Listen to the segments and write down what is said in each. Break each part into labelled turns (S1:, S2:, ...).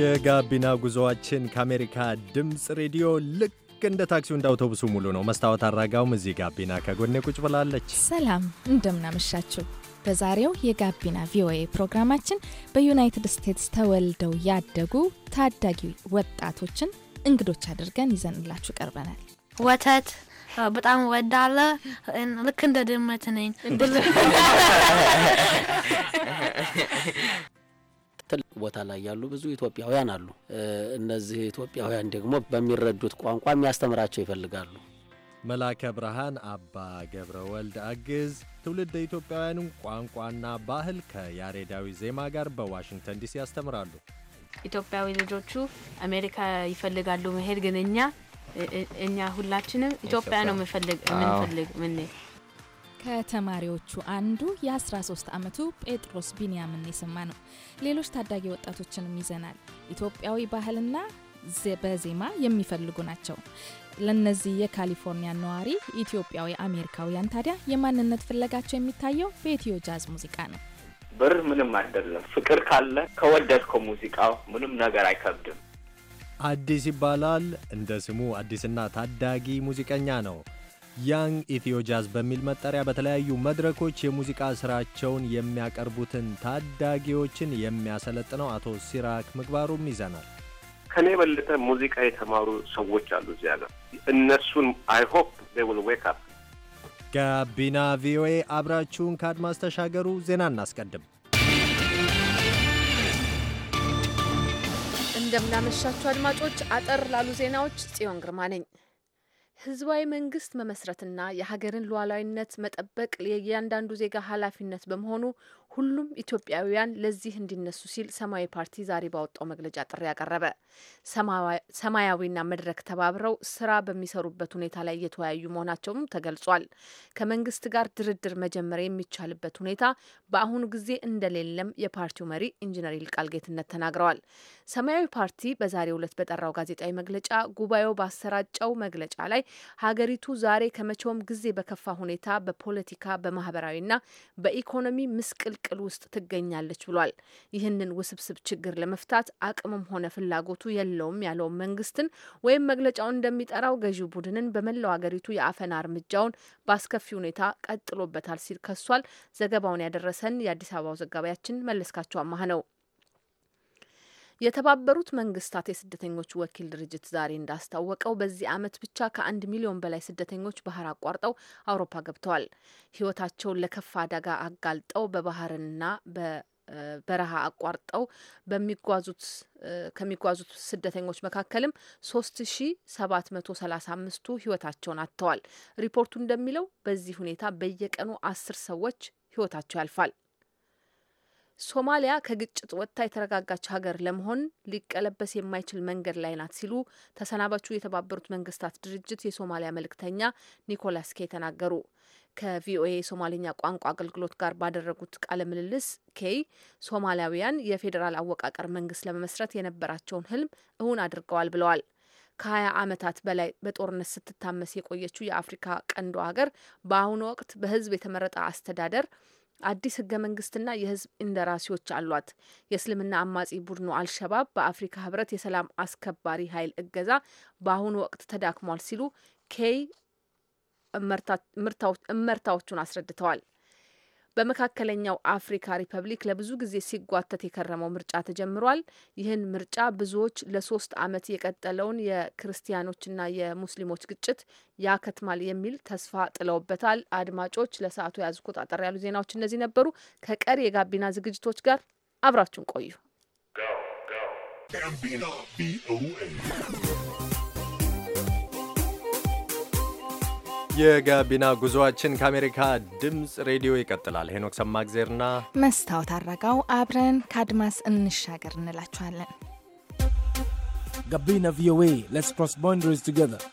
S1: የጋቢና ጉዞዋችን ከአሜሪካ ድምፅ ሬዲዮ ልክ እንደ ታክሲው እንደ አውቶቡሱ ሙሉ ነው። መስታወት አድራጋውም እዚህ ጋቢና ከጎኔ ቁጭ ብላለች።
S2: ሰላም እንደምናመሻችሁ። በዛሬው የጋቢና ቪኦኤ ፕሮግራማችን በዩናይትድ ስቴትስ ተወልደው ያደጉ ታዳጊ ወጣቶችን እንግዶች አድርገን ይዘንላችሁ ቀርበናል።
S3: ወተት በጣም ወዳለ ልክ እንደ ድመት ነኝ።
S4: ትልቅ ቦታ ላይ ያሉ ብዙ ኢትዮጵያውያን አሉ። እነዚህ ኢትዮጵያውያን ደግሞ በሚረዱት ቋንቋ የሚያስተምራቸው ይፈልጋሉ።
S1: መላከ ብርሃን አባ ገብረ ወልድ አግዝ ትውልድ ኢትዮጵያውያኑን ቋንቋና ባህል ከያሬዳዊ ዜማ ጋር በዋሽንግተን ዲሲ ያስተምራሉ።
S5: ኢትዮጵያዊ ልጆቹ አሜሪካ ይፈልጋሉ መሄድ ግን እኛ እኛ ሁላችንም ኢትዮጵያ ነው ምንፈልግ ምን
S2: ከተማሪዎቹ አንዱ የ13 ዓመቱ ጴጥሮስ ቢንያምን የሰማ ነው። ሌሎች ታዳጊ ወጣቶችንም ይዘናል። ኢትዮጵያዊ ባህልና በዜማ የሚፈልጉ ናቸው። ለነዚህ የካሊፎርኒያ ነዋሪ ኢትዮጵያዊ አሜሪካውያን ታዲያ የማንነት ፍለጋቸው የሚታየው በኢትዮ ጃዝ ሙዚቃ
S6: ነው። ብር ምንም አይደለም። ፍቅር ካለ ከወደድከው ሙዚቃው ምንም ነገር አይከብድም።
S1: አዲስ ይባላል። እንደ ስሙ አዲስና ታዳጊ ሙዚቀኛ ነው። ያንግ ኢትዮ ጃዝ በሚል መጠሪያ በተለያዩ መድረኮች የሙዚቃ ስራቸውን የሚያቀርቡትን ታዳጊዎችን የሚያሰለጥነው አቶ ሲራክ ምግባሩም ይዘናል።
S7: ከኔ የበለጠ ሙዚቃ የተማሩ ሰዎች አሉ እዚህ ሀገር። እነሱን አይሆፕ ዴውል ዌክ አፕ።
S1: ጋቢና ቪኦኤ አብራችሁን ከአድማስ ተሻገሩ። ዜና እናስቀድም።
S8: እንደምናመሻችሁ አድማጮች፣ አጠር ላሉ ዜናዎች ጽዮን ግርማ ነኝ። ህዝባዊ መንግስት መመስረትና የሀገርን ሉዓላዊነት መጠበቅ የእያንዳንዱ ዜጋ ኃላፊነት በመሆኑ ሁሉም ኢትዮጵያውያን ለዚህ እንዲነሱ ሲል ሰማያዊ ፓርቲ ዛሬ ባወጣው መግለጫ ጥሪ ያቀረበ ሰማያዊና መድረክ ተባብረው ስራ በሚሰሩበት ሁኔታ ላይ እየተወያዩ መሆናቸውም ተገልጿል። ከመንግስት ጋር ድርድር መጀመር የሚቻልበት ሁኔታ በአሁኑ ጊዜ እንደሌለም የፓርቲው መሪ ኢንጂነር ይልቃል ጌትነት ተናግረዋል። ሰማያዊ ፓርቲ በዛሬው ዕለት በጠራው ጋዜጣዊ መግለጫ ጉባኤው ባሰራጨው መግለጫ ላይ ሀገሪቱ ዛሬ ከመቼውም ጊዜ በከፋ ሁኔታ በፖለቲካ በማህበራዊና በኢኮኖሚ ምስቅል ምስቅልቅል ውስጥ ትገኛለች ብሏል። ይህንን ውስብስብ ችግር ለመፍታት አቅምም ሆነ ፍላጎቱ የለውም ያለውን መንግስትን ወይም መግለጫውን እንደሚጠራው ገዢው ቡድንን በመላው አገሪቱ የአፈና እርምጃውን በአስከፊ ሁኔታ ቀጥሎበታል ሲል ከሷል። ዘገባውን ያደረሰን የአዲስ አበባው ዘጋቢያችን መለስካቸው አማህ ነው። የተባበሩት መንግስታት የስደተኞች ወኪል ድርጅት ዛሬ እንዳስታወቀው በዚህ ዓመት ብቻ ከአንድ ሚሊዮን በላይ ስደተኞች ባህር አቋርጠው አውሮፓ ገብተዋል። ህይወታቸውን ለከፋ አደጋ አጋልጠው በባህርና በበረሃ አቋርጠው በሚጓዙት ከሚጓዙት ስደተኞች መካከልም ሶስት ሺ ሰባት መቶ ሰላሳ አምስቱ ህይወታቸውን አጥተዋል። ሪፖርቱ እንደሚለው በዚህ ሁኔታ በየቀኑ አስር ሰዎች ህይወታቸው ያልፋል። ሶማሊያ ከግጭት ወጥታ የተረጋጋች ሀገር ለመሆን ሊቀለበስ የማይችል መንገድ ላይ ናት ሲሉ ተሰናባቹ የተባበሩት መንግስታት ድርጅት የሶማሊያ መልእክተኛ ኒኮላስ ኬ ተናገሩ። ከቪኦኤ የሶማሌኛ ቋንቋ አገልግሎት ጋር ባደረጉት ቃለ ምልልስ ኬይ ሶማሊያውያን የፌዴራል አወቃቀር መንግስት ለመመስረት የነበራቸውን ህልም እውን አድርገዋል ብለዋል። ከሀያ ዓመታት በላይ በጦርነት ስትታመስ የቆየችው የአፍሪካ ቀንዶ ሀገር በአሁኑ ወቅት በህዝብ የተመረጠ አስተዳደር አዲስ ህገ መንግስትና የህዝብ እንደራሴዎች አሏት። የእስልምና አማጺ ቡድኑ አልሸባብ በአፍሪካ ህብረት የሰላም አስከባሪ ኃይል እገዛ በአሁኑ ወቅት ተዳክሟል ሲሉ ኬይ እመርታዎቹን አስረድተዋል። በመካከለኛው አፍሪካ ሪፐብሊክ ለብዙ ጊዜ ሲጓተት የከረመው ምርጫ ተጀምሯል። ይህን ምርጫ ብዙዎች ለሶስት ዓመት የቀጠለውን የክርስቲያኖችና የሙስሊሞች ግጭት ያከትማል የሚል ተስፋ ጥለውበታል። አድማጮች ለሰዓቱ የያዝኩት አጠር ያሉ ዜናዎች እነዚህ ነበሩ። ከቀሪ የጋቢና ዝግጅቶች ጋር አብራችሁን ቆዩ።
S1: የጋቢና ጉዞአችን ከአሜሪካ ድምፅ ሬዲዮ ይቀጥላል። ሄኖክ ሰማግዜርና
S2: መስታወት አረጋው አብረን ከአድማስ እንሻገር እንላችኋለን።
S9: ጋቢና ቪኦኤ ሌትስ ክሮስ ባውንደሪስ ቱጌዘር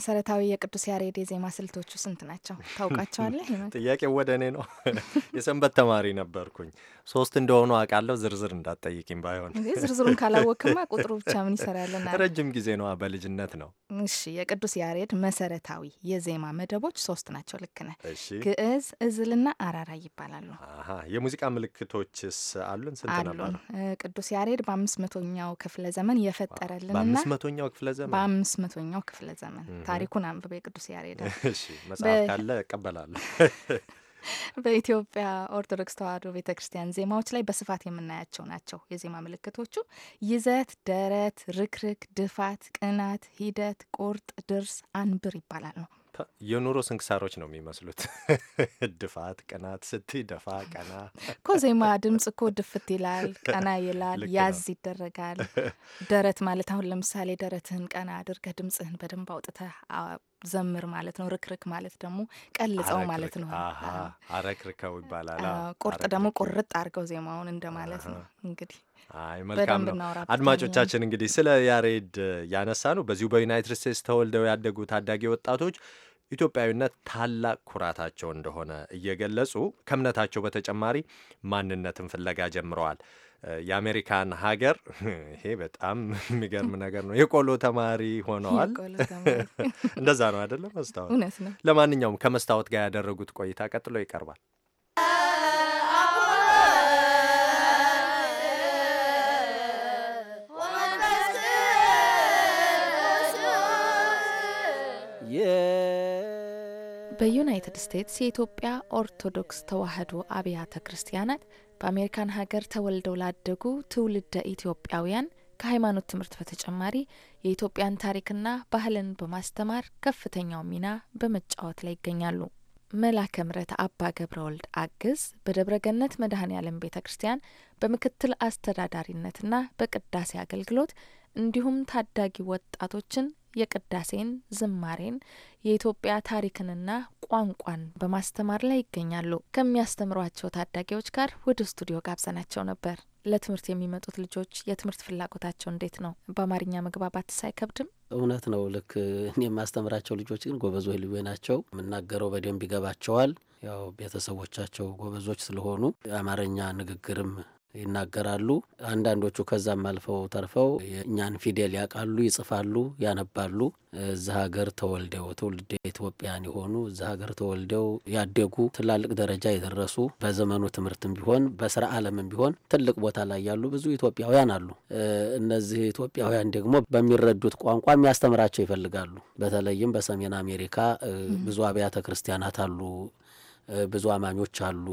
S2: መሰረታዊ የቅዱስ ያሬድ የዜማ ስልቶቹ ስንት ናቸው ታውቃቸዋለህ?
S1: ጥያቄ ወደ እኔ ነው። የሰንበት ተማሪ ነበርኩኝ። ሶስት እንደሆኑ አውቃለሁ። ዝርዝር እንዳትጠይቅኝ ባይሆን ዝርዝሩን ካላወቅማ ቁጥሩ ብቻ ምን ይሰራልና። ረጅም ጊዜ ነው፣ በልጅነት ነው።
S2: እሺ፣ የቅዱስ ያሬድ መሰረታዊ የዜማ መደቦች ሶስት ናቸው። ልክ ነህ። ግዕዝ፣ እዝልና አራራ ይባላሉ።
S1: የሙዚቃ ምልክቶችስ አሉን? ስንት ነበሩ?
S2: ቅዱስ ያሬድ በአምስት መቶኛው ክፍለ ዘመን የፈጠረልንና በአምስት መቶኛው ክፍለ ዘመን ታሪኩን አንብቤ ቅዱስ ያሬዳ መጽሐፍ ካለ
S1: እቀበላለሁ።
S2: በኢትዮጵያ ኦርቶዶክስ ተዋሕዶ ቤተ ክርስቲያን ዜማዎች ላይ በስፋት የምናያቸው ናቸው። የዜማ ምልክቶቹ ይዘት፣ ደረት፣ ርክርክ፣ ድፋት፣ ቅናት፣ ሂደት፣ ቁርጥ፣ ድርስ፣ አንብር ይባላል ነው
S1: የኑሮ ስንክሳሮች ነው የሚመስሉት። ድፋት ቀናት ስት ደፋ ቀና እኮ
S2: ዜማ ድምጽ እኮ ድፍት ይላል፣ ቀና ይላል፣ ያዝ ይደረጋል። ደረት ማለት አሁን ለምሳሌ ደረትህን ቀና አድርገህ ድምጽህን በደንብ አውጥተህ ዘምር ማለት ነው። ርክርክ ማለት ደግሞ ቀልጸው ማለት ነው።
S1: አረክርከው ይባላል። ቁርጥ ደግሞ ቁርጥ
S2: አድርገው ዜማውን እንደማለት ነው እንግዲህ
S1: አይ መልካም ነው። አድማጮቻችን እንግዲህ ስለ ያሬድ ያነሳ ነው። በዚሁ በዩናይትድ ስቴትስ ተወልደው ያደጉ ታዳጊ ወጣቶች ኢትዮጵያዊነት ታላቅ ኩራታቸው እንደሆነ እየገለጹ ከእምነታቸው በተጨማሪ ማንነትን ፍለጋ ጀምረዋል። የአሜሪካን ሀገር ይሄ በጣም የሚገርም ነገር ነው። የቆሎ ተማሪ ሆነዋል። እንደዛ ነው አይደለም? መስታወት እውነት ነው። ለማንኛውም ከመስታወት ጋር ያደረጉት ቆይታ ቀጥሎ ይቀርባል።
S4: Yeah.
S2: በዩናይትድ ስቴትስ የኢትዮጵያ ኦርቶዶክስ ተዋሕዶ አብያተ ክርስቲያናት በአሜሪካን ሀገር ተወልደው ላደጉ ትውልደ ኢትዮጵያውያን ከሃይማኖት ትምህርት በተጨማሪ የኢትዮጵያን ታሪክና ባህልን በማስተማር ከፍተኛው ሚና በመጫወት ላይ ይገኛሉ። መላከ ምረት አባ ገብረ ወልድ አግዝ በደብረገነት መድኃኔ ዓለም ቤተ ክርስቲያን በምክትል አስተዳዳሪነትና በቅዳሴ አገልግሎት እንዲሁም ታዳጊ ወጣቶችን የቅዳሴን፣ ዝማሬን፣ የኢትዮጵያ ታሪክንና ቋንቋን በማስተማር ላይ ይገኛሉ። ከሚያስተምሯቸው ታዳጊዎች ጋር ወደ ስቱዲዮ ጋብዘናቸው ነበር። ለትምህርት የሚመጡት ልጆች የትምህርት ፍላጎታቸው እንዴት ነው? በአማርኛ መግባባት ሳይከብድም?
S4: እውነት ነው። ልክ እኔ የማስተምራቸው ልጆች ግን ጎበዞች ልዩ ናቸው። የምናገረው በደንብ ይገባቸዋል። ያው ቤተሰቦቻቸው ጎበዞች ስለሆኑ የአማርኛ ንግግርም ይናገራሉ። አንዳንዶቹ ከዛም አልፈው ተርፈው የእኛን ፊደል ያውቃሉ፣ ይጽፋሉ፣ ያነባሉ። እዚ ሀገር ተወልደው ትውልደ ኢትዮጵያን የሆኑ እዚ ሀገር ተወልደው ያደጉ ትላልቅ ደረጃ የደረሱ በዘመኑ ትምህርትም ቢሆን በስራ ዓለምም ቢሆን ትልቅ ቦታ ላይ ያሉ ብዙ ኢትዮጵያውያን አሉ። እነዚህ ኢትዮጵያውያን ደግሞ በሚረዱት ቋንቋ የሚያስተምራቸው ይፈልጋሉ። በተለይም በሰሜን አሜሪካ ብዙ አብያተ ክርስቲያናት አሉ፣ ብዙ አማኞች አሉ።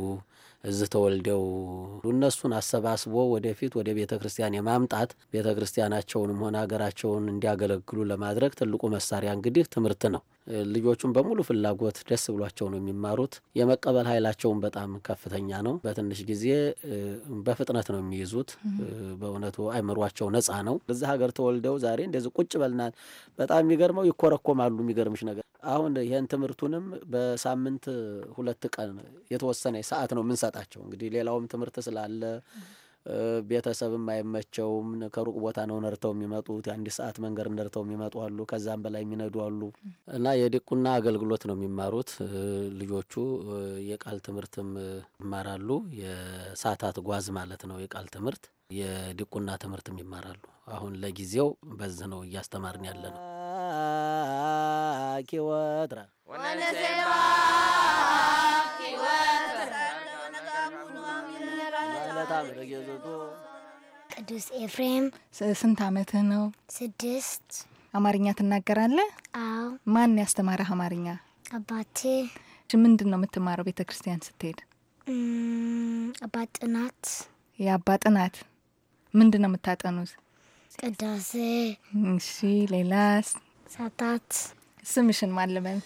S4: እዚህ ተወልደው እነሱን አሰባስቦ ወደፊት ወደ ቤተ ክርስቲያን የማምጣት ቤተ ክርስቲያናቸውንም ሆነ ሀገራቸውን እንዲያገለግሉ ለማድረግ ትልቁ መሳሪያ እንግዲህ ትምህርት ነው። ልጆቹም በሙሉ ፍላጎት ደስ ብሏቸው ነው የሚማሩት። የመቀበል ኃይላቸውን በጣም ከፍተኛ ነው። በትንሽ ጊዜ በፍጥነት ነው የሚይዙት። በእውነቱ አይምሯቸው ነፃ ነው። እዛ ሀገር ተወልደው ዛሬ እንደዚህ ቁጭ በልናል። በጣም የሚገርመው ይኮረኮማሉ። የሚገርምሽ ነገር አሁን ይህን ትምህርቱንም በሳምንት ሁለት ቀን የተወሰነ ሰዓት ነው የምንሰጣቸው። እንግዲህ ሌላውም ትምህርት ስላለ ቤተሰብም አይመቸውም። ከሩቅ ቦታ ነው ነርተው የሚመጡት። የአንድ ሰዓት መንገድ ነርተው የሚመጡ አሉ፣ ከዛም በላይ የሚነዱ አሉ እና የዲቁና አገልግሎት ነው የሚማሩት ልጆቹ። የቃል ትምህርትም ይማራሉ። የሳታት ጓዝ ማለት ነው የቃል ትምህርት፣ የዲቁና ትምህርትም ይማራሉ። አሁን ለጊዜው በዝ ነው እያስተማርን ያለ ነው።
S10: ቅዱስ ኤፍሬም።
S2: ስንት አመትህ ነው?
S10: ስድስት።
S2: አማርኛ ትናገራለህ? አዎ። ማን ያስተማረህ አማርኛ? አባቴ። ምንድን ነው የምትማረው ቤተ ክርስቲያን ስትሄድ?
S10: አባት ጥናት።
S2: የአባ ጥናት ምንድን ነው የምታጠኑት? ቅዳሴ። እሺ፣ ሌላስ? ሰዓታት። ስምሽን ማን ልበል?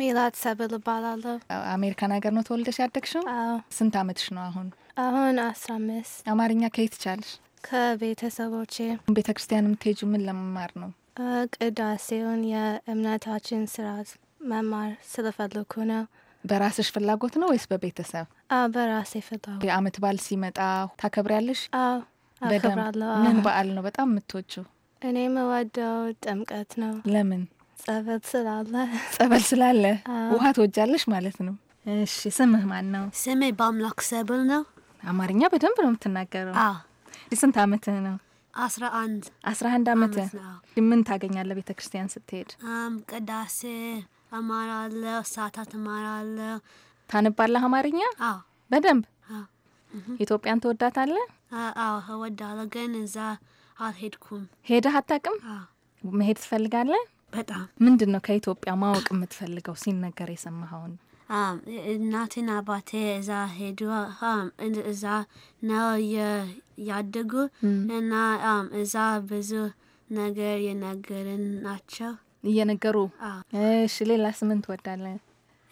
S3: ሜላት ሰብል እባላለሁ።
S2: አሜሪካን ሀገር ነው ተወልደሽ ያደግሽው? ስንት አመትሽ ነው አሁን? አሁን አስራ አምስት አማርኛ ከየት ቻለሽ? ከቤተሰቦቼ። ቤተ ክርስቲያን የምትሄጁ ምን ለመማር ነው? ቅዳሴውን የእምነታችን ስርዓት መማር ስለፈለኩ ነው። በራስሽ ፍላጎት ነው ወይስ በቤተሰብ? በራሴ ፍላጎት። የአመት በዓል ሲመጣ ታከብሪያለሽ? አከብራለሁ። ምን በዓል ነው በጣም የምትወጂው? እኔ የምወደው ጥምቀት ነው። ለምን? ጸበል ስላለ። ጸበል ስላለ ውሃ ትወጃለሽ ማለት ነው። እሺ፣ ስምህ ማን ነው? ስሜ በአምላክ ሰብል ነው። አማርኛ በደንብ ነው የምትናገረው? ስንት አመት ነው?
S10: አስራ አንድ አስራ አንድ አመት።
S2: ምን ታገኛለህ ቤተ ክርስቲያን ስትሄድ?
S10: ቅዳሴ እማራለሁ፣ ሰዓታት እማራለሁ።
S2: ታነባለህ አማርኛ? በደንብ ኢትዮጵያን ትወዳታለህ?
S10: አዎ እወዳለሁ፣ ግን እዛ አልሄድኩም።
S2: ሄደህ አታውቅም? መሄድ ትፈልጋለህ? በጣም ምንድን ነው ከኢትዮጵያ ማወቅ የምትፈልገው ሲነገር የሰማኸውን?
S10: እናቴና አባቴ እዛ ሄዱ። እዛ ነው ያደጉ እና እዛ ብዙ ነገር የነገርን ናቸው
S2: እየነገሩ። እሺ ሌላ ስምን ትወዳለ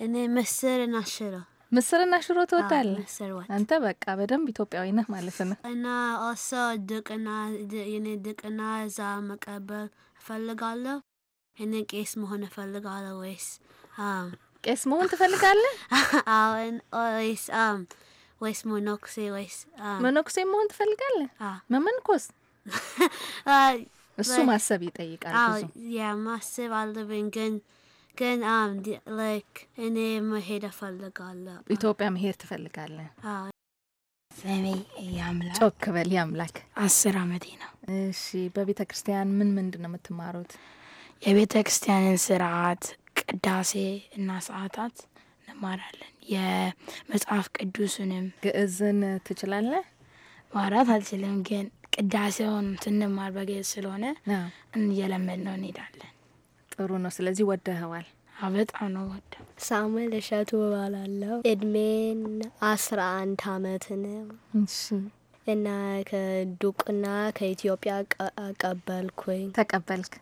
S10: እኔ ምስርና ሽሮ
S2: ምስርና ሽሮ ትወዳለ አንተ በቃ በደንብ ኢትዮጵያዊ ነህ ማለት ነው።
S10: እና ኦሶ ድቅና እኔ ድቅና እዛ መቀበል እፈልጋለሁ። እኔ ቄስ መሆን እፈልጋለሁ ወይስ ቄስ መሆን ትፈልጋለህ? አሁን ወይስ ወይስ መነኩሴ ወይስ
S2: መነኩሴ መሆን ትፈልጋለህ? መመንኮስ እሱ ማሰብ ይጠይቃል።
S10: ያ ማሰብ አለብኝ ግን ግን ልክ እኔ መሄድ እፈልጋለሁ።
S2: ኢትዮጵያ መሄድ ትፈልጋለህ? ስሜ ያምላክ ጮክ በል ያምላክ። አስር አመቴ ነው። እሺ፣ በቤተ ክርስቲያን ምን ምንድን ነው የምትማሩት? የቤተ
S5: ክርስቲያንን ስርዓት ቅዳሴ እና ሰዓታት እንማራለን። የመጽሐፍ ቅዱስንም ግዕዝን ትችላለህ? ማውራት አልችልም፣ ግን ቅዳሴውን ስንማር በግዕዝ ስለሆነ እየለመድ ነው እንሄዳለን።
S3: ጥሩ ነው። ስለዚህ
S2: ወደኸዋል? በጣም ነው ወደ
S5: ሳሙኤል እሸቱ እባላለሁ።
S3: እድሜን አስራ አንድ አመት ነው እና ከዱቅና ከኢትዮጵያ ቀበልኩኝ። ተቀበልክ?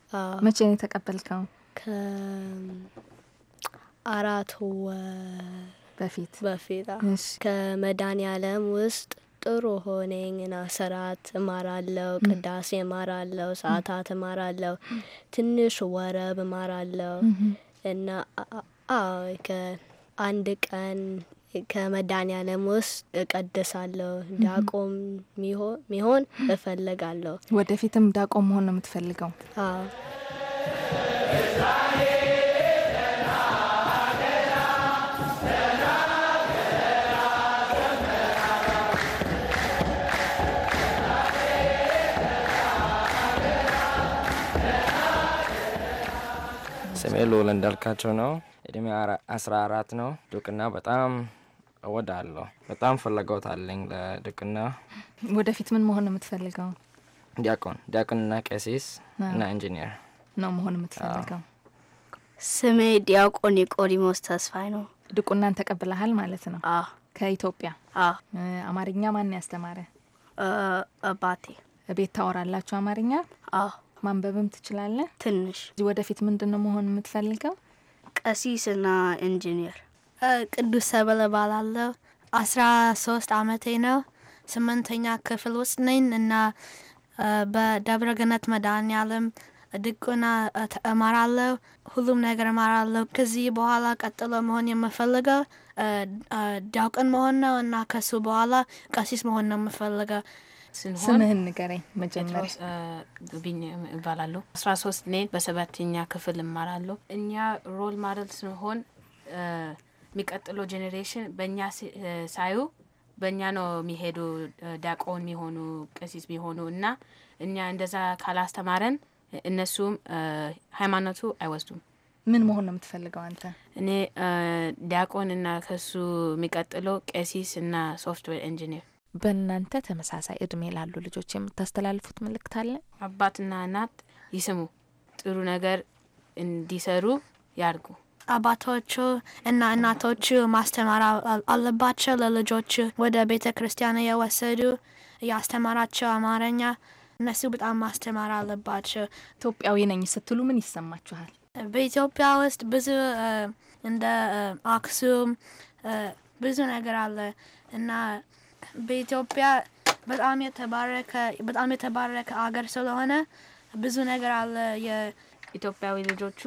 S3: መቼ
S2: ነው የተቀበልከው?
S3: ከአራት ወር በፊት በፊት ከመድኃኔዓለም ውስጥ ጥሩ ሆነኝና ስርዓት እማራለው፣ ቅዳሴ እማራለው፣ ሰዓታት እማራለው፣ ትንሽ ወረብ እማራለው እና ከአንድ ቀን ከመድኃኔዓለም ውስጥ እቀድሳለሁ። ዳቆም ሚሆን እፈልጋለሁ።
S2: ወደፊትም ዳቆም መሆን ነው የምትፈልገው?
S3: አዎ።
S6: ስሜ እንዳልካቸው ነው። እድሜ አስራ አራት ነው። ድቅና በጣም እወዳለሁ። በጣም ፈለገውት አለኝ ለድቅና
S2: ወደፊት ምን መሆን የምትፈልገው?
S6: ዲያቆን ዲያቆንና ቀሲስ እና ኢንጂኒር
S2: ነው መሆን የምትፈልገው? ስሜ ዲያቆን ኒቆዲሞስ ተስፋይ ነው። ድቁናን ተቀብለሃል ማለት ነው? ከኢትዮጵያ? አማርኛ ማን ያስተማረ? አባቴ። ቤት ታወራላችሁ አማርኛ? ማንበብም ትችላለህ? ትንሽ። ወደፊት ምንድን
S3: ነው መሆን የምትፈልገው? ቀሲስና ኢንጂኒር። ቅዱስ ሰበለ እባላለሁ። አስራ ሶስት አመቴ ነው። ስምንተኛ ክፍል ውስጥ ነኝ እና በደብረ ገነት መድኃኔዓለም ድቁና እማራለሁ። ሁሉም ነገር እማራለሁ። ከዚህ በኋላ ቀጥሎ መሆን የምፈልገው ዲያቆን መሆን ነው እና ከሱ በኋላ ቀሲስ መሆን ነው የምፈልገው። ስምህን
S5: ንገረኝ መጀመሪያ። ቢኒያም አስራ ሶስት ኔ በሰባተኛ ክፍል እማራለሁ። እኛ ሮል ማደል ስንሆን የሚቀጥለው ጄኔሬሽን በእኛ ሳዩ በእኛ ነው የሚሄዱ ዲያቆን የሚሆኑ ቀሲስ የሚሆኑ እና እኛ እንደዛ ካላስተማረን እነሱም ሃይማኖቱ አይወስዱም።
S2: ምን መሆን ነው የምትፈልገው አንተ?
S5: እኔ ዲያቆን እና ከሱ የሚቀጥለው ቄሲስ እና ሶፍትዌር ኢንጂኒር።
S2: በእናንተ ተመሳሳይ እድሜ ላሉ ልጆች
S5: የምታስተላልፉት መልእክት አለ? አባትና እናት ይስሙ፣ ጥሩ ነገር እንዲሰሩ ያርጉ።
S3: አባቶቹ እና እናቶቹ ማስተማር አለባቸው። ለልጆች ወደ ቤተ ክርስቲያን የወሰዱ ያስተማራቸው አማርኛ እነሱ በጣም ማስተማር አለባቸው። ኢትዮጵያዊ ነኝ ስትሉ ምን ይሰማችኋል? በኢትዮጵያ ውስጥ ብዙ እንደ አክሱም ብዙ ነገር አለ እና በኢትዮጵያ በጣም የተባረከ
S5: በጣም የተባረከ አገር ስለሆነ ብዙ ነገር አለ። የኢትዮጵያዊ ልጆቹ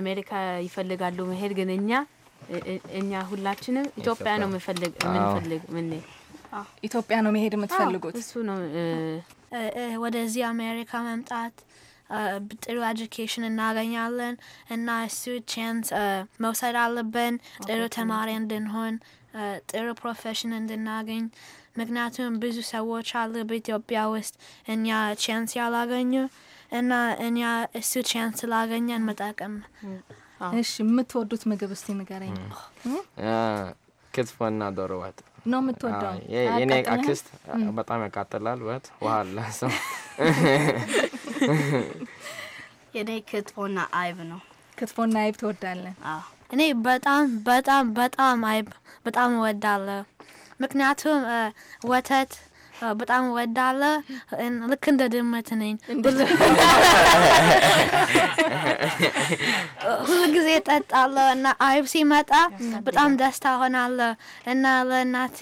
S5: አሜሪካ ይፈልጋሉ መሄድ፣ ግን እኛ እኛ ሁላችንም ኢትዮጵያ ነው ምንፈልግ ምን ኢትዮጵያ ነው መሄድ የምትፈልጉት? እሱ ነው
S3: ወደዚህ አሜሪካ መምጣት ጥሩ ኤጁኬሽን እናገኛለን እና እሱ ቻንስ መውሰድ አለብን። ጥሩ ተማሪ እንድንሆን፣ ጥሩ ፕሮፌሽን እንድናገኝ ምክንያቱም ብዙ ሰዎች አሉ በኢትዮጵያ ውስጥ እኛ ቻንስ ያላገኙ እና እኛ እሱ ቻንስ ስላገኘን መጠቀም እሺ የምትወዱት ምግብ እስቲ ንገረኝ።
S6: ክትፎና ዶሮ ወጥ ነው የምትወደው። የኔ አክስት በጣም ያቃጥላል። በት ውሃ ሰው
S3: የኔ ክትፎና አይብ ነው። ክትፎና አይብ ትወዳለህ? እኔ በጣም በጣም በጣም አይብ በጣም እወዳለሁ። ምክንያቱም ወተት በጣም ወዳለ ልክ እንደ ድመት ነኝ። ሁሉ ጊዜ ጠጣለ እና አይብ ሲመጣ በጣም ደስታ ሆናለ እና ለእናቴ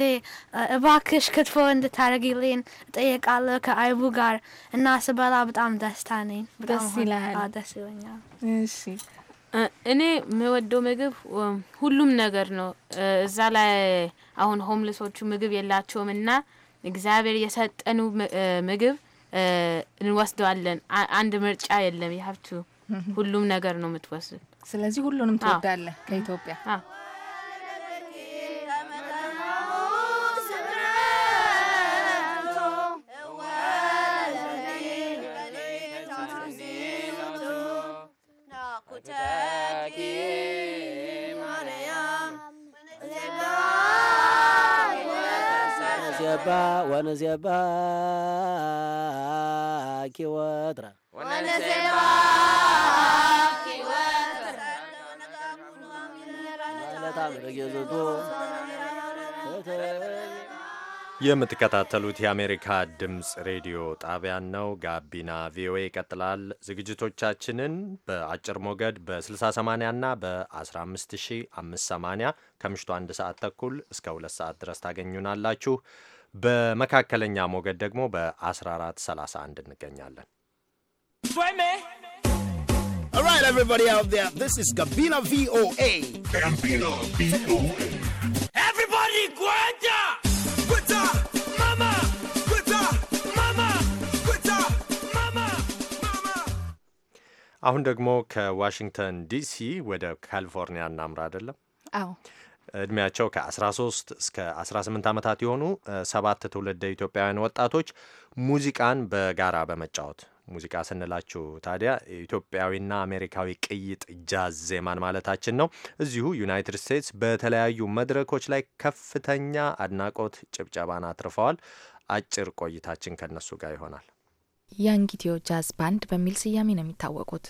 S3: እባክሽ ክትፎ እንድታደርጊልኝ ጠየቃለ ከአይቡ ጋር እና ስበላ በጣም ደስታ ነኝ። ደስ ይላል። ደስ ይለኛል።
S5: እኔ የምወደው ምግብ ሁሉም ነገር ነው። እዛ ላይ አሁን ሆምልሶቹ ምግብ የላቸውም እና እግዚአብሔር የሰጠኑ ምግብ እንወስደዋለን። አንድ ምርጫ የለም። የሀብቱ ሁሉም ነገር ነው የምትወስድ። ስለዚህ ሁሉንም ትወዳለህ ከኢትዮጵያ
S4: Yeah. ዜባ ኪወትራ
S1: የምትከታተሉት የአሜሪካ ድምፅ ሬዲዮ ጣቢያን ነው። ጋቢና ቪኦኤ ይቀጥላል። ዝግጅቶቻችንን በአጭር ሞገድ በ6080 እና በ15580 ከምሽቱ አንድ ሰዓት ተኩል እስከ ሁለት ሰዓት ድረስ ታገኙናላችሁ። በመካከለኛ ሞገድ ደግሞ በ1431 እንገኛለን።
S6: Alright everybody out there, this is Gabina VOA. Gabina VOA. Everybody Gwanda! Gwanda! Mama! Gwanda! Mama!
S1: Gwanda! Mama! Mama! አሁን ደግሞ ከዋሽንግተን ዲሲ ወደ ካሊፎርኒያ እናምራ አይደለም? አዎ። እድሜያቸው ከ13 እስከ 18 ዓመታት የሆኑ ሰባት ትውልደ ኢትዮጵያውያን ወጣቶች ሙዚቃን በጋራ በመጫወት ሙዚቃ ስንላችሁ ታዲያ ኢትዮጵያዊና አሜሪካዊ ቅይጥ ጃዝ ዜማን ማለታችን ነው። እዚሁ ዩናይትድ ስቴትስ በተለያዩ መድረኮች ላይ ከፍተኛ አድናቆት ጭብጨባን አትርፈዋል። አጭር ቆይታችን ከነሱ ጋር ይሆናል።
S2: ያንጊቲዮ ጃዝ ባንድ በሚል ስያሜ ነው የሚታወቁት።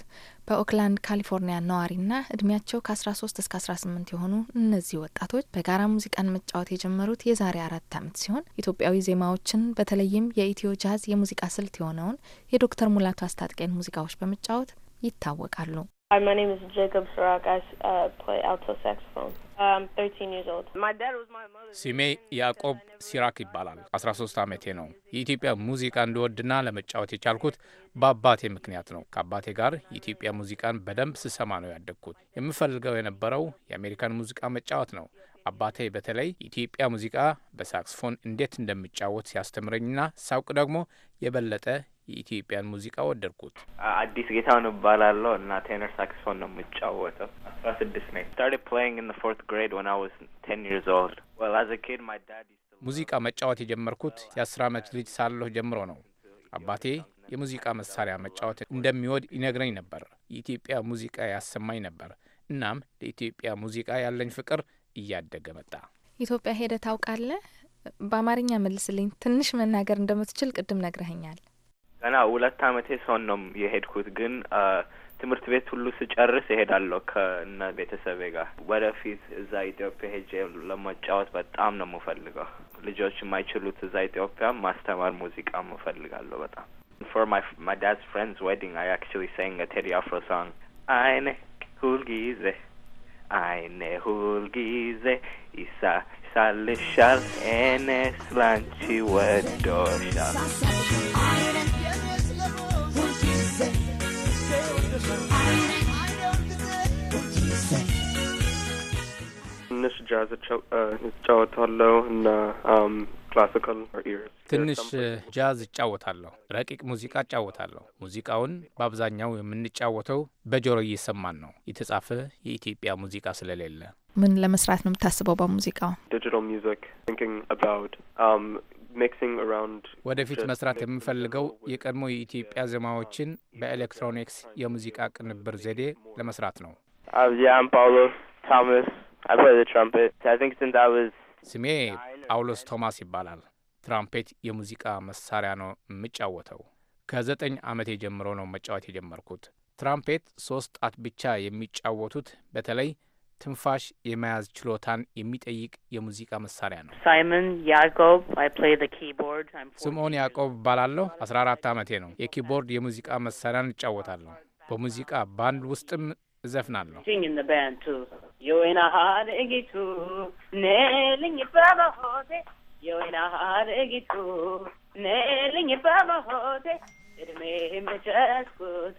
S2: በኦክላንድ ካሊፎርኒያ ነዋሪና እድሜያቸው ከ13 እስከ 18 የሆኑ እነዚህ ወጣቶች በጋራ ሙዚቃን መጫወት የጀመሩት የዛሬ አራት ዓመት ሲሆን ኢትዮጵያዊ ዜማዎችን በተለይም የኢትዮ ጃዝ የሙዚቃ ስልት የሆነውን የዶክተር ሙላቱ አስታጥቄን ሙዚቃዎች በመጫወት ይታወቃሉ።
S6: Hi, my name is
S5: Jacob Sirac. I uh, play alto saxophone.
S9: ስሜ ያዕቆብ ሲራክ ይባላል። 13 ዓመቴ ነው። የኢትዮጵያ ሙዚቃ እንድወድና ለመጫወት የቻልኩት በአባቴ ምክንያት ነው። ከአባቴ ጋር የኢትዮጵያ ሙዚቃን በደንብ ስሰማ ነው ያደግኩት። የምፈልገው የነበረው የአሜሪካን ሙዚቃ መጫወት ነው። አባቴ በተለይ የኢትዮጵያ ሙዚቃ በሳክስፎን እንዴት እንደሚጫወት ሲያስተምረኝና ሳውቅ ደግሞ የበለጠ የኢትዮጵያን ሙዚቃ ወደድኩት።
S6: አዲስ ጌታውን እባላለሁ እና ቴነር ሳክስፎን ነው የምጫወተው። አስራ ስድስት ነኝ።
S9: ሙዚቃ መጫወት የጀመርኩት የአስር ዓመት ልጅ ሳለሁ ጀምሮ ነው። አባቴ የሙዚቃ መሳሪያ መጫወት እንደሚወድ ይነግረኝ ነበር። የኢትዮጵያ ሙዚቃ ያሰማኝ ነበር። እናም ለኢትዮጵያ ሙዚቃ ያለኝ ፍቅር እያደገ መጣ።
S2: ኢትዮጵያ ሄደ ታውቃለህ? በአማርኛ መልስልኝ። ትንሽ መናገር እንደምትችል ቅድም ነግረኸኛል።
S6: ገና ሁለት አመቴ ሰውን ነው የሄድኩት ግን ትምህርት ቤት ሁሉ ስጨርስ እሄዳለሁ ከእነ ቤተሰቤ ጋር። ወደፊት እዛ ኢትዮጵያ ሄጄ ለመጫወት በጣም ነው የምፈልገው። ልጆች የማይችሉት እዛ ኢትዮጵያ ማስተማር ሙዚቃ እፈልጋለሁ በጣም። For my my dad's friend's wedding, I actually sang a Teddy Afro song. አይኔ ሁልጊዜ አይኔ ሁልጊዜ ይሳ ሳልሻል እኔ ስላንቺ ወዶሻል
S7: ትንሽ ጃዝ እጫወታለሁ እና um, ትንሽ
S9: ጃዝ እጫወታለሁ። ረቂቅ ሙዚቃ እጫወታለሁ። ሙዚቃውን በአብዛኛው የምንጫወተው በጆሮ እየሰማን ነው፣ የተጻፈ የኢትዮጵያ ሙዚቃ ስለሌለ።
S2: ምን ለመስራት ነው የምታስበው በሙዚቃው?
S9: ዲጂታል
S7: ወደፊት መስራት
S9: የምፈልገው የቀድሞ የኢትዮጵያ uh, ዜማዎችን በኤሌክትሮኒክስ uh, የሙዚቃ ቅንብር ዘዴ ለመስራት
S6: ነው። uh, ስሜ
S9: ጳውሎስ ቶማስ ይባላል። ትራምፔት የሙዚቃ መሳሪያ ነው የምጫወተው። ከዘጠኝ ዓመቴ ጀምሮ ነው መጫወት የጀመርኩት። ትራምፔት ሶስት ጣት ብቻ የሚጫወቱት በተለይ ትንፋሽ የመያዝ ችሎታን የሚጠይቅ የሙዚቃ መሳሪያ ነው። ስምዖን ያዕቆብ እባላለሁ። አስራ አራት ዓመቴ ነው። የኪቦርድ የሙዚቃ መሳሪያን እጫወታለሁ። በሙዚቃ ባንድ ውስጥም እዘፍናለሁ።
S5: እድሜ መጨስኩት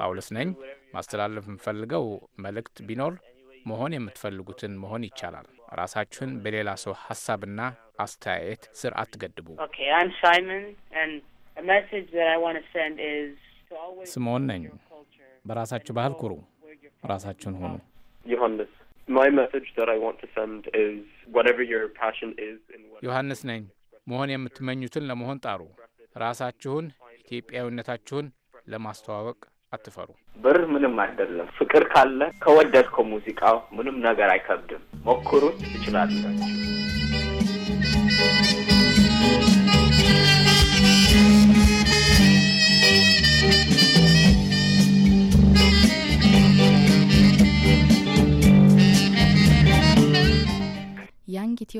S9: ጳውሎስ ነኝ። ማስተላለፍ የምፈልገው መልእክት ቢኖር መሆን የምትፈልጉትን መሆን ይቻላል። ራሳችሁን በሌላ ሰው ሀሳብና አስተያየት ስር አትገድቡ። ስምዖን ነኝ። በራሳችሁ ባህል ኩሩ፣ ራሳችሁን ሁኑ።
S7: ዮሐንስ
S9: ነኝ። መሆን የምትመኙትን ለመሆን ጣሩ። ራሳችሁን ኢትዮጵያዊነታችሁን ለማስተዋወቅ አትፈሩ።
S6: ብር ምንም አይደለም። ፍቅር ካለ ከወደድከው ሙዚቃው ምንም ነገር አይከብድም። ሞክሩት፣ ትችላላችሁ።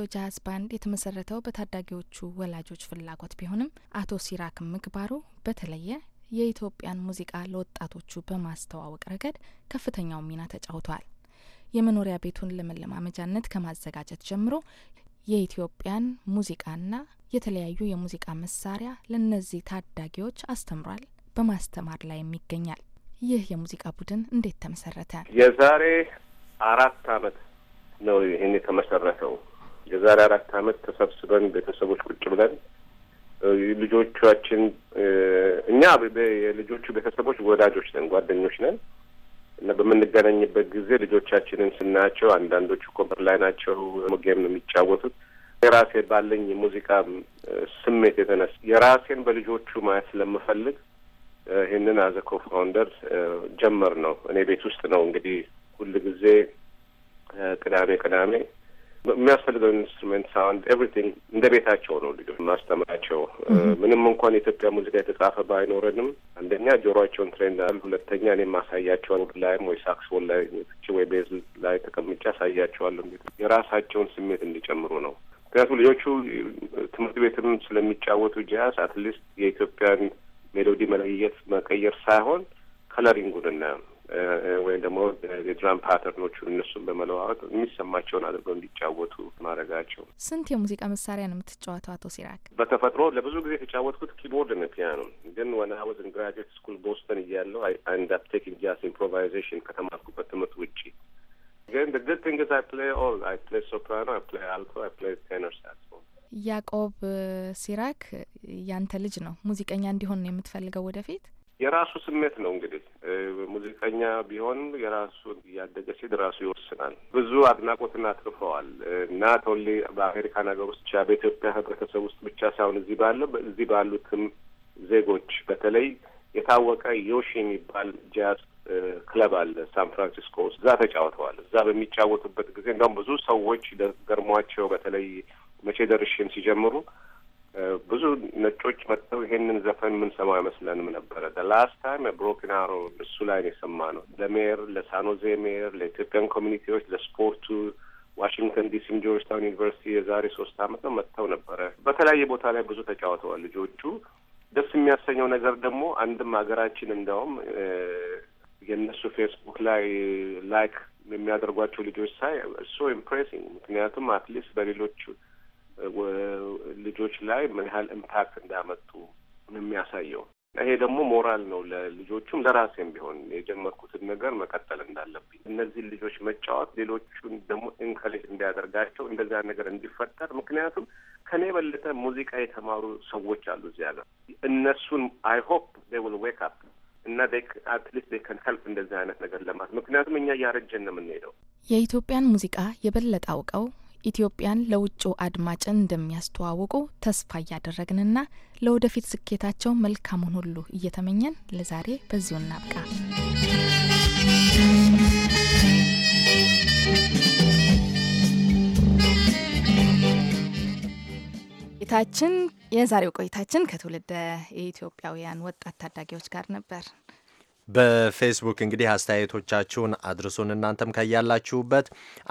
S2: የኢትዮ ጃዝ ባንድ የተመሰረተው በታዳጊዎቹ ወላጆች ፍላጎት ቢሆንም አቶ ሲራክ ምግባሩ በተለየ የኢትዮጵያን ሙዚቃ ለወጣቶቹ በማስተዋወቅ ረገድ ከፍተኛው ሚና ተጫውተዋል። የመኖሪያ ቤቱን ለመለማመጃነት ከማዘጋጀት ጀምሮ የኢትዮጵያን ሙዚቃና የተለያዩ የሙዚቃ መሳሪያ ለእነዚህ ታዳጊዎች አስተምሯል፣ በማስተማር ላይ ይገኛል። ይህ የሙዚቃ ቡድን እንዴት ተመሰረተ?
S7: የዛሬ አራት አመት ነው ይህን የተመሰረተው። የዛሬ አራት አመት ተሰብስበን ቤተሰቦች ቁጭ ብለን ልጆቻችን እኛ የልጆቹ ቤተሰቦች ወዳጆች ነን፣ ጓደኞች ነን እና በምንገናኝበት ጊዜ ልጆቻችንን ስናያቸው አንዳንዶቹ ኮምፐር ላይ ናቸው፣ ጌም ነው የሚጫወቱት። የራሴ ባለኝ የሙዚቃ ስሜት የተነሳ የራሴን በልጆቹ ማየት ስለምፈልግ ይህንን አዘ ኮ ፋውንደር ጀመር ነው። እኔ ቤት ውስጥ ነው እንግዲህ ሁል ጊዜ ቅዳሜ ቅዳሜ የሚያስፈልገው ኢንስትሩሜንት ሳውንድ ኤቭሪቲንግ እንደ ቤታቸው ነው ልጆች ማስተምራቸው። ምንም እንኳን የኢትዮጵያ ሙዚቃ የተጻፈ ባይኖረንም አንደኛ ጆሮቸውን ትሬን ላል፣ ሁለተኛ እኔ ማሳያቸውን ላይም ወይ ሳክስፎን ላይ ትች ወይ ቤዝ ላይ ተቀምጬ አሳያቸዋለሁ። የራሳቸውን ስሜት እንዲጨምሩ ነው። ምክንያቱም ልጆቹ ትምህርት ቤትም ስለሚጫወቱ ጃዝ አትሊስት የኢትዮጵያን ሜሎዲ መለየት መቀየር ሳይሆን ከለሪንጉን እናየው ወይም ደግሞ የድራም ፓተርኖቹ እነሱን በመለዋወጥ የሚሰማቸውን አድርገው እንዲጫወቱ ማድረጋቸው።
S2: ስንት የሙዚቃ መሳሪያ ነው የምትጫወተው አቶ ሲራክ?
S7: በተፈጥሮ ለብዙ ጊዜ የተጫወትኩት ኪቦርድ ነው፣ ፒያኖ ግን ወና ወዝ ኢን ግራጁዌት ስኩል ቦስተን እያለሁ አንድ አፕቴክ ጃዝ ኢምፕሮቫይዜሽን ከተማርኩበት ትምህርት ውጪ ግን ግድ good አይ is ኦል አይ all. ሶፕራኖ አይ soprano, I አይ alto, ቴነር play tenor
S2: ያዕቆብ ሲራክ ያንተ ልጅ ነው ሙዚቀኛ እንዲሆን ነው የምትፈልገው
S7: ወደፊት? የራሱ ስሜት ነው እንግዲህ ሙዚቀኛ ቢሆን የራሱ እያደገ ሲል ራሱ ይወስናል። ብዙ አድናቆትን አትርፈዋል እና ቶሌ በአሜሪካን ሀገር ውስጥ ብቻ በኢትዮጵያ ህብረተሰብ ውስጥ ብቻ ሳይሆን እዚህ ባለው እዚህ ባሉትም ዜጎች በተለይ የታወቀ ዮሽ የሚባል ጃዝ ክለብ አለ ሳን ፍራንሲስኮ ውስጥ። እዛ ተጫውተዋል። እዛ በሚጫወቱበት ጊዜ እንደውም ብዙ ሰዎች ገርሟቸው በተለይ መቼ ደርሽም ሲጀምሩ ብዙ ነጮች መጥተው ይሄንን ዘፈን ምን ሰማ አይመስለንም ነበረ። ላስት ታይም ብሮኪን አሮ እሱ ላይ ነው የሰማ ነው። ለሜር ለሳኖዜ ሜር፣ ለኢትዮጵያን ኮሚኒቲዎች፣ ለስፖርቱ ዋሽንግተን ዲሲም ጆርጅ ታውን ዩኒቨርሲቲ የዛሬ ሶስት አመት ነው መጥተው ነበረ። በተለያየ ቦታ ላይ ብዙ ተጫውተዋል ልጆቹ። ደስ የሚያሰኘው ነገር ደግሞ አንድም ሀገራችን እንደውም የእነሱ ፌስቡክ ላይ ላይክ የሚያደርጓቸው ልጆች ሳይ ሶ ኢምፕሬሲንግ ምክንያቱም አትሊስት በሌሎቹ ልጆች ላይ ምን ያህል ኢምፓክት እንዳመጡ ነው የሚያሳየው። ይሄ ደግሞ ሞራል ነው ለልጆቹም ለራሴም ቢሆን የጀመርኩትን ነገር መቀጠል እንዳለብኝ እነዚህን ልጆች መጫወት ሌሎቹን ደግሞ ኢንከሌጅ እንዲያደርጋቸው እንደዚያ ነገር እንዲፈጠር ምክንያቱም ከኔ የበለጠ ሙዚቃ የተማሩ ሰዎች አሉ እዚህ ሀገር። እነሱን አይ ሆፕ ዴይ ዊል ዌክ አፕ እና አትሊስት ዴይ ከን ሄልፕ እንደዚህ አይነት ነገር ለማለት ምክንያቱም እኛ እያረጀን ነው የምንሄደው።
S2: የኢትዮጵያን ሙዚቃ የበለጠ አውቀው ኢትዮጵያን ለውጭው አድማጭን እንደሚያስተዋውቁ ተስፋ እያደረግንና ለወደፊት ስኬታቸው መልካሙን ሁሉ እየተመኘን ለዛሬ በዚሁ እናብቃ። ቆይታችን የዛሬው ቆይታችን ከትውልደ የኢትዮጵያውያን ወጣት ታዳጊዎች ጋር ነበር።
S1: በፌስቡክ እንግዲህ አስተያየቶቻችሁን አድርሱን። እናንተም ከያላችሁበት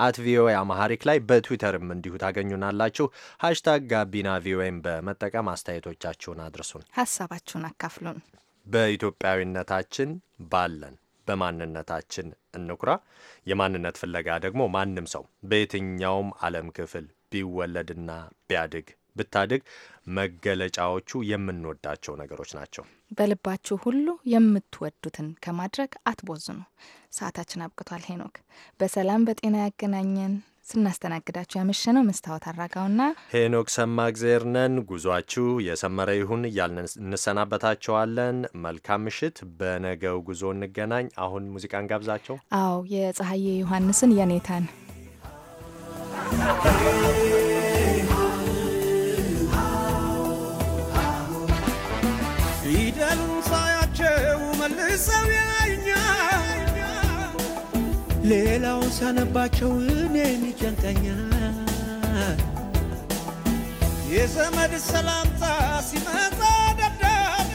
S1: አት ቪኦኤ አማሐሪክ ላይ በትዊተርም እንዲሁ ታገኙናላችሁ። ሀሽታግ ጋቢና ቪኦኤም በመጠቀም አስተያየቶቻችሁን አድርሱን፣
S2: ሀሳባችሁን አካፍሉን።
S1: በኢትዮጵያዊነታችን ባለን በማንነታችን እንኩራ። የማንነት ፍለጋ ደግሞ ማንም ሰው በየትኛውም ዓለም ክፍል ቢወለድና ቢያድግ ብታድግ መገለጫዎቹ የምንወዳቸው ነገሮች ናቸው።
S2: በልባችሁ ሁሉ የምትወዱትን ከማድረግ አትቦዝኑ። ሰዓታችን አብቅቷል። ሄኖክ በሰላም በጤና ያገናኘን። ስናስተናግዳችሁ ያመሸነው መስታወት አራጋውና
S1: ሄኖክ ሰማ እግዜር ነን። ጉዟችሁ የሰመረ ይሁን እያልን እንሰናበታቸዋለን። መልካም ምሽት። በነገው ጉዞ እንገናኝ። አሁን ሙዚቃን ጋብዛቸው።
S2: አዎ የፀሐዬ ዮሐንስን የኔታን
S6: ሰው
S7: ያየኛል፣
S6: ሌላው ሲያነባቸው እኔን ይጨንቀኛል።
S7: የዘመድ ሰላምታ
S6: ሲመጣ ደብዳቤ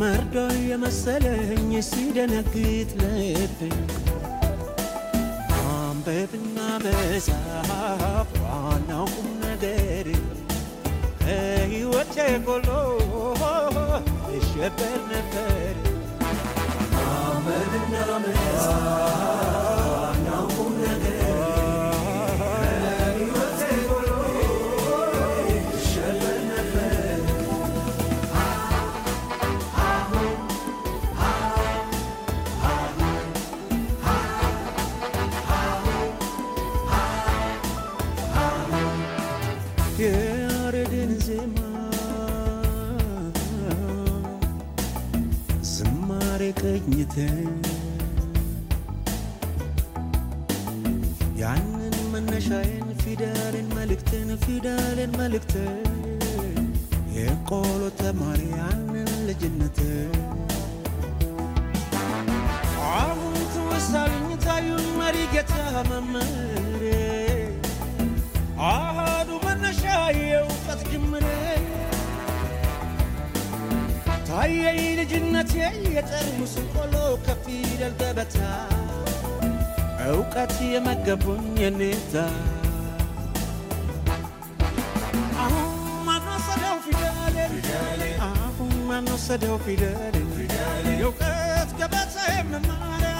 S4: መርዶ የመሰለኝ ሲደነግጥ ልቤ ማንበብና መጻፍ ዋናው ቁም ነገር ከሕይወቴ ጎሎ እሸበር ነበር አመንና
S7: ፊቴን ያንን
S4: መነሻዬን ፊደልን መልእክትን ፊደልን መልእክትን የቆሎ ተማሪ ያንን ልጅነት አሁን ትወሳልኝ ታዩኝ መሪ ጌታ መመሬ አሃዱ መነሻ የእውቀት ጅምሬ
S6: ታየኝ ልጅነቴ የጠርሙስ ቆሎ ከፊል አልገበታ እውቀት የመገቡኝ የኔታ ማንወሰደው ፊደል የእውቀት ገበታ የምማሪያ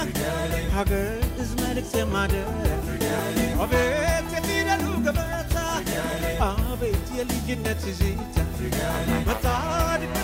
S6: ሀገር ሕዝብ መልእክት የማደር አቤት የፊደሉ ገበታ
S7: አቤት የልጅነት ትዝታ መታድገ